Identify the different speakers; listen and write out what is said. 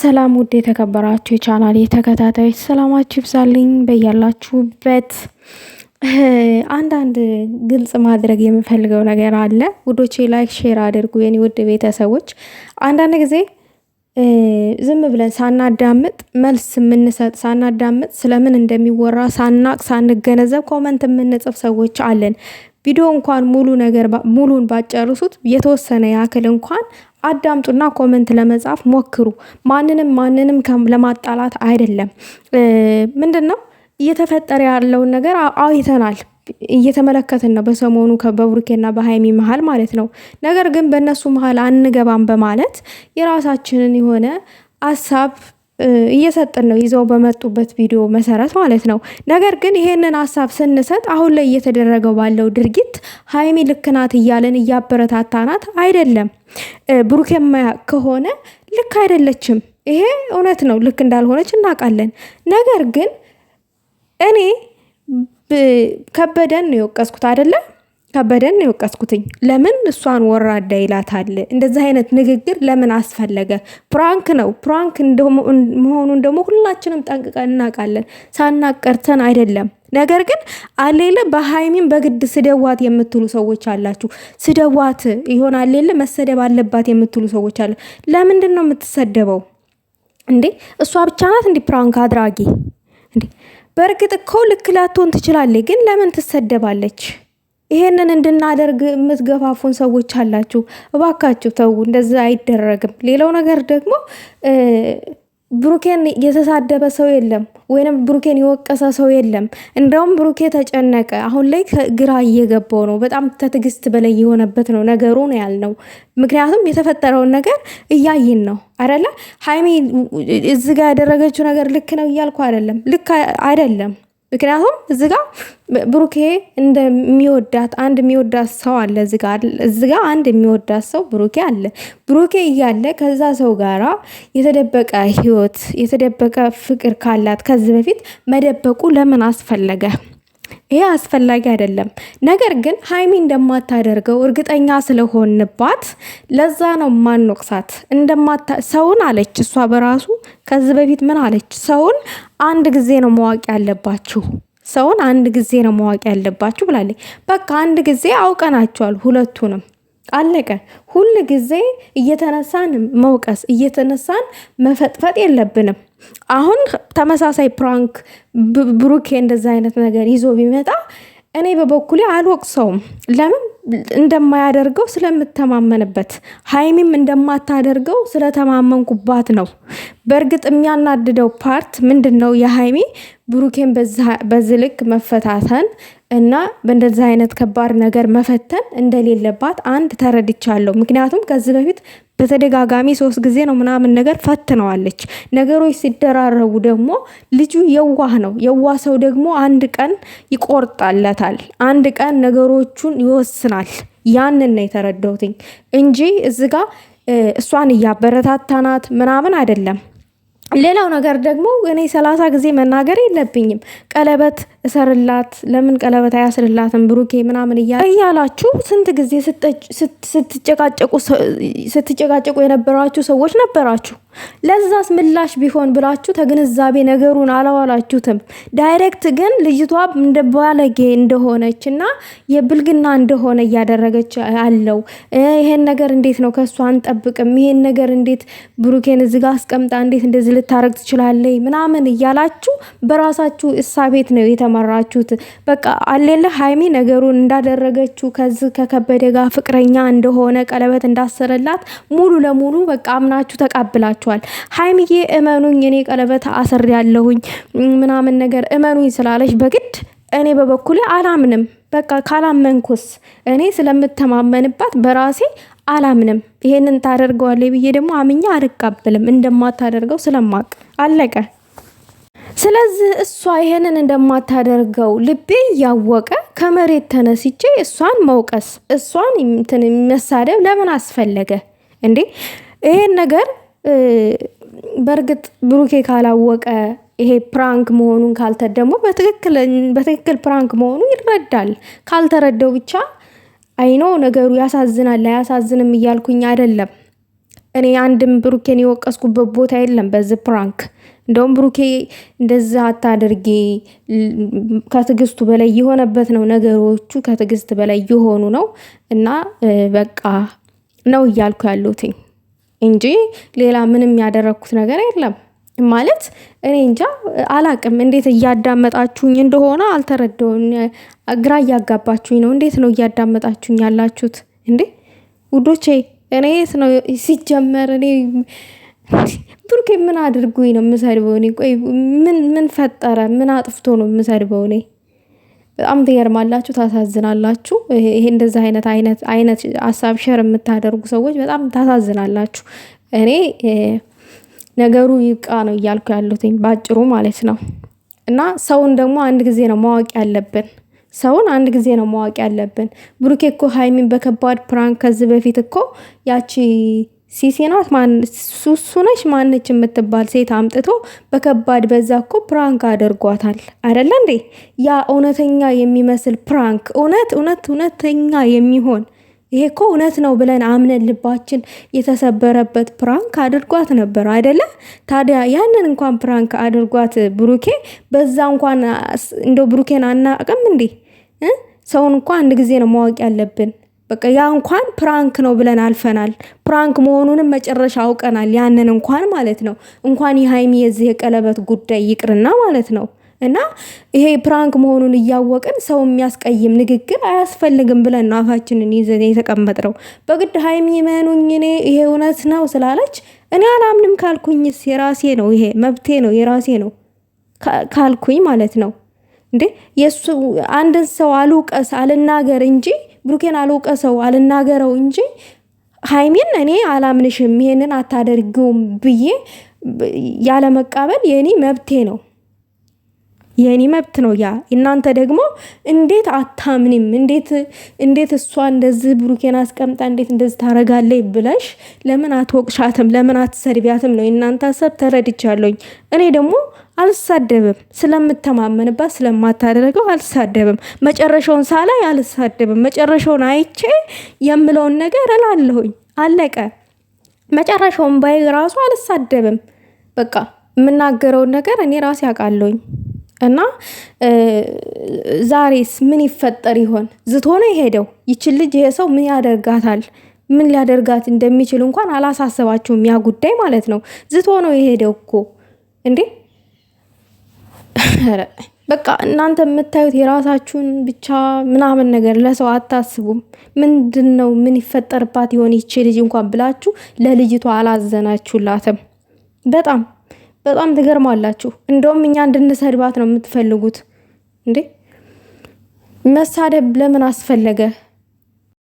Speaker 1: ሰላም ውድ የተከበራችሁ የቻናል ተከታታዮች ሰላማችሁ ይብዛልኝ በያላችሁበት። አንዳንድ ግልጽ ማድረግ የምፈልገው ነገር አለ ውዶቼ፣ ላይክ ሼር አድርጉ የኔ ውድ ቤተሰቦች። አንዳንድ ጊዜ ዝም ብለን ሳናዳምጥ መልስ የምንሰጥ ሳናዳምጥ ስለምን እንደሚወራ ሳናቅ ሳንገነዘብ ኮመንት የምንጽፍ ሰዎች አለን። ቪዲዮ እንኳን ሙሉ ነገር ሙሉን ባጨርሱት የተወሰነ ያክል እንኳን አዳምጡና ኮመንት ለመጻፍ ሞክሩ። ማንንም ማንንም ለማጣላት አይደለም። ምንድን ነው እየተፈጠረ ያለውን ነገር አይተናል፣ እየተመለከትን ነው። በሰሞኑ በቡርኬና በሀይሚ መሀል ማለት ነው። ነገር ግን በእነሱ መሀል አንገባም በማለት የራሳችንን የሆነ ሀሳብ እየሰጠን ነው ይዘው በመጡበት ቪዲዮ መሰረት ማለት ነው። ነገር ግን ይሄንን ሀሳብ ስንሰጥ አሁን ላይ እየተደረገው ባለው ድርጊት ሀይሚ ልክናት እያለን እያበረታታናት አይደለም። ብሩኬ የማያውቅ ከሆነ ልክ አይደለችም። ይሄ እውነት ነው፣ ልክ እንዳልሆነች እናውቃለን። ነገር ግን እኔ ከበደን ነው የወቀስኩት አይደለም። ከበደን ነው የወቀስኩትኝ። ለምን እሷን ወራዳ ይላታል? እንደዚህ አይነት ንግግር ለምን አስፈለገ? ፕራንክ ነው። ፕራንክ መሆኑን ደግሞ ሁላችንም ጠንቅቀን እናውቃለን። ሳናቀርተን አይደለም። ነገር ግን አሌለ በሀይሚን በግድ ስደዋት የምትሉ ሰዎች አላችሁ። ስደዋት ይሆን አሌለ መሰደብ አለባት የምትሉ ሰዎች አለ። ለምንድን ነው የምትሰደበው እንዴ? እሷ ብቻ ናት እንዲ ፕራንክ አድራጊ እንዴ? በእርግጥ እኮ ልክ ላትሆን ትችላለች፣ ግን ለምን ትሰደባለች? ይሄንን እንድናደርግ የምትገፋፉን ሰዎች አላችሁ። እባካችሁ ተዉ፣ እንደዛ አይደረግም። ሌላው ነገር ደግሞ ብሩኬን የተሳደበ ሰው የለም፣ ወይንም ብሩኬን የወቀሰ ሰው የለም። እንደውም ብሩኬ ተጨነቀ። አሁን ላይ ግራ እየገባው ነው። በጣም ከትግስት በላይ የሆነበት ነው ነገሩ ነው ያልነው። ምክንያቱም የተፈጠረውን ነገር እያይን ነው አደለ? ሀይሚ እዚጋ ያደረገችው ነገር ልክ ነው እያልኩ አደለም፣ ልክ አደለም። ምክንያቱም እዚ ጋ ብሩኬ እንደሚወዳት አንድ የሚወዳት ሰው አለ። እዚ ጋ አንድ የሚወዳት ሰው ብሩኬ አለ። ብሩኬ እያለ ከዛ ሰው ጋራ የተደበቀ ህይወት የተደበቀ ፍቅር ካላት ከዚህ በፊት መደበቁ ለምን አስፈለገ? ይሄ አስፈላጊ አይደለም። ነገር ግን ሀይሚ እንደማታደርገው እርግጠኛ ስለሆንባት ለዛ ነው ማንወቅሳት። እንደማታ ሰውን አለች እሷ በራሱ ከዚህ በፊት ምን አለች? ሰውን አንድ ጊዜ ነው ማወቅ ያለባችሁ ሰውን አንድ ጊዜ ነው ማወቅ ያለባችሁ ብላለች። በቃ አንድ ጊዜ አውቀናቸዋል ሁለቱንም አለቀ። ሁል ጊዜ እየተነሳን መውቀስ እየተነሳን መፈጥፈጥ የለብንም። አሁን ተመሳሳይ ፕራንክ ብሩኬ እንደዛ አይነት ነገር ይዞ ቢመጣ እኔ በበኩሌ አልወቅሰውም። ለምን እንደማያደርገው ስለምተማመንበት ሀይሚም እንደማታደርገው ስለተማመንኩባት ነው። በእርግጥ የሚያናድደው ፓርት ምንድን ነው? የሀይሚ ብሩኬን በዚህ ልክ መፈታተን እና በእንደዚህ አይነት ከባድ ነገር መፈተን እንደሌለባት አንድ ተረድቻለሁ። ምክንያቱም ከዚህ በፊት በተደጋጋሚ ሶስት ጊዜ ነው ምናምን ነገር ፈትነዋለች። ነገሮች ሲደራረቡ ደግሞ ልጁ የዋህ ነው። የዋህ ሰው ደግሞ አንድ ቀን ይቆርጣለታል፣ አንድ ቀን ነገሮቹን ይወስናል። ይሆናል። ያንን ነው የተረዳሁትኝ እንጂ እዚ ጋ እሷን እያበረታታናት ምናምን አይደለም። ሌላው ነገር ደግሞ እኔ ሰላሳ ጊዜ መናገር የለብኝም። ቀለበት እሰርላት ለምን ቀለበት አያስርላትም ብሩኬ ምናምን እያላችሁ ስንት ጊዜ ስትጨቃጨቁ የነበራችሁ ሰዎች ነበራችሁ። ለዛስ ምላሽ ቢሆን ብላችሁ ተግንዛቤ ነገሩን አላዋላችሁትም። ዳይሬክት ግን ልጅቷ እንደ ባለጌ እንደሆነች እና የብልግና እንደሆነ እያደረገች አለው። ይሄን ነገር እንዴት ነው ከእሷ አንጠብቅም? ይሄን ነገር እንዴት ብሩኬን እዚጋ አስቀምጣ እንዴት እንደዚህ ልታረግ ትችላለይ ምናምን እያላችሁ በራሳችሁ እሳቤት ነው የተመራችሁት። በቃ አሌለ ሀይሚ ነገሩን እንዳደረገችው ከዚህ ከከበደ ጋር ፍቅረኛ እንደሆነ ቀለበት እንዳሰረላት ሙሉ ለሙሉ በቃ አምናችሁ ተቀብላችኋል። ሀይሚዬ እመኑኝ እኔ ቀለበት አሰር ያለሁኝ ምናምን ነገር እመኑኝ ስላለች በግድ እኔ በበኩሌ አላምንም። በቃ ካላመንኩስ እኔ ስለምተማመንባት በራሴ አላምንም። ይሄንን ታደርገዋለ ብዬ ደግሞ አምኛ አልቀበልም እንደማታደርገው ስለማቅ አለቀ። ስለዚህ እሷ ይሄንን እንደማታደርገው ልቤ እያወቀ ከመሬት ተነስቼ እሷን መውቀስ እሷን እንትን መሳደብ ለምን አስፈለገ እንዴ? ይሄን ነገር በእርግጥ ብሩኬ ካላወቀ ይሄ ፕራንክ መሆኑን ካልተ ደግሞ በትክክል ፕራንክ መሆኑ ይረዳል። ካልተረዳው ብቻ አይኖ ነገሩ ያሳዝናል አያሳዝንም እያልኩኝ አይደለም። እኔ አንድም ብሩኬን የወቀስኩበት ቦታ የለም በዚህ ፕራንክ። እንደውም ብሩኬ እንደዚህ አታድርጊ ከትዕግስቱ በላይ የሆነበት ነው። ነገሮቹ ከትዕግስት በላይ የሆኑ ነው እና በቃ ነው እያልኩ ያሉትኝ እንጂ ሌላ ምንም ያደረግኩት ነገር የለም። ማለት እኔ እንጃ አላቅም እንዴት እያዳመጣችሁኝ እንደሆነ አልተረዳሁም። ግራ እያጋባችሁኝ ነው። እንዴት ነው እያዳመጣችሁኝ ያላችሁት? እንዴ ውዶቼ እኔ የት ነው ሲጀመር እኔ ብሩኬ ምን አድርጉኝ ነው የምሰድበው? እኔ ቆይ ምን ፈጠረ? ምን አጥፍቶ ነው የምሰድበው? እኔ በጣም ትገርማላችሁ፣ ታሳዝናላችሁ። ይሄ እንደዚህ አይነት አይነት አይነት ሀሳብ ሸር የምታደርጉ ሰዎች በጣም ታሳዝናላችሁ። እኔ ነገሩ ይብቃ ነው እያልኩ ያሉትኝ በአጭሩ ማለት ነው። እና ሰውን ደግሞ አንድ ጊዜ ነው ማወቅ ያለብን። ሰውን አንድ ጊዜ ነው ማወቅ ያለብን። ብሩኬ እኮ ሀይሚን በከባድ ፕራንክ ከዚህ በፊት እኮ ያቺ ሲሲናት ሱሱ ማነች የምትባል ሴት አምጥቶ በከባድ በዛ እኮ ፕራንክ አድርጓታል አይደለ እንዴ? ያ እውነተኛ የሚመስል ፕራንክ እውነት እውነት እውነተኛ የሚሆን ይሄ እኮ እውነት ነው ብለን አምነን ልባችን የተሰበረበት ፕራንክ አድርጓት ነበር አይደለ? ታዲያ ያንን እንኳን ፕራንክ አድርጓት ብሩኬ በዛ እንኳን እንደ ብሩኬን አናቅም እንዴ? ሰውን እንኳ አንድ ጊዜ ነው ማወቅ ያለብን። በቃ ያ እንኳን ፕራንክ ነው ብለን አልፈናል። ፕራንክ መሆኑንም መጨረሻ አውቀናል። ያንን እንኳን ማለት ነው እንኳን የሀይሚ የዚህ የቀለበት ጉዳይ ይቅርና ማለት ነው እና ይሄ ፕራንክ መሆኑን እያወቅን ሰው የሚያስቀይም ንግግር አያስፈልግም ብለን ነው አፋችንን ይዘን የተቀመጥነው። በግድ ሀይሚ መኑኝ እኔ ይሄ እውነት ነው ስላለች እኔ አላምንም ካልኩኝስ የራሴ ነው፣ ይሄ መብቴ ነው፣ የራሴ ነው ካልኩኝ ማለት ነው። እንዴ የእሱ አንድን ሰው አልውቀስ አልናገር እንጂ ብሩኬን አልውቀሰው አልናገረው እንጂ ሀይሚን እኔ አላምንሽም ይሄንን አታደርጊውም ብዬ ያለመቃበል የእኔ መብቴ ነው። የኔ መብት ነው ያ። እናንተ ደግሞ እንዴት አታምኒም? እንዴት እሷ እንደዚህ ብሩኬን አስቀምጣ እንዴት እንደዚህ ታረጋለይ ብለሽ ለምን አትወቅሻትም? ለምን አትሰርቢያትም? ነው እናንተ ሰብ ተረድቻለሁኝ። እኔ ደግሞ አልሳደብም ስለምተማመንባት ስለማታደርገው አልሳደብም። መጨረሻውን ሳላይ አልሳደብም። መጨረሻውን አይቼ የምለውን ነገር እላለሁኝ። አለቀ። መጨረሻውን ባይ ራሱ አልሳደብም። በቃ የምናገረውን ነገር እኔ ራሴ አውቃለሁኝ። እና ዛሬስ ምን ይፈጠር ይሆን? ዝቶ ነው የሄደው። ልጅ ይሄ ሰው ምን ያደርጋታል? ምን ሊያደርጋት እንደሚችል እንኳን አላሳሰባችሁም። ያ ጉዳይ ማለት ነው። ዝቶ ነው የሄደው እኮ እንዴ! በቃ እናንተ የምታዩት የራሳችሁን ብቻ ምናምን ነገር ለሰው አታስቡም። ምንድን ነው ምን ይፈጠርባት ይሆን ይቺ ልጅ እንኳን ብላችሁ ለልጅቷ አላዘናችሁላትም በጣም በጣም ትገርማላችሁ። እንደውም እኛ እንድንሰድባት ነው የምትፈልጉት እንዴ? መሳደብ ለምን አስፈለገ?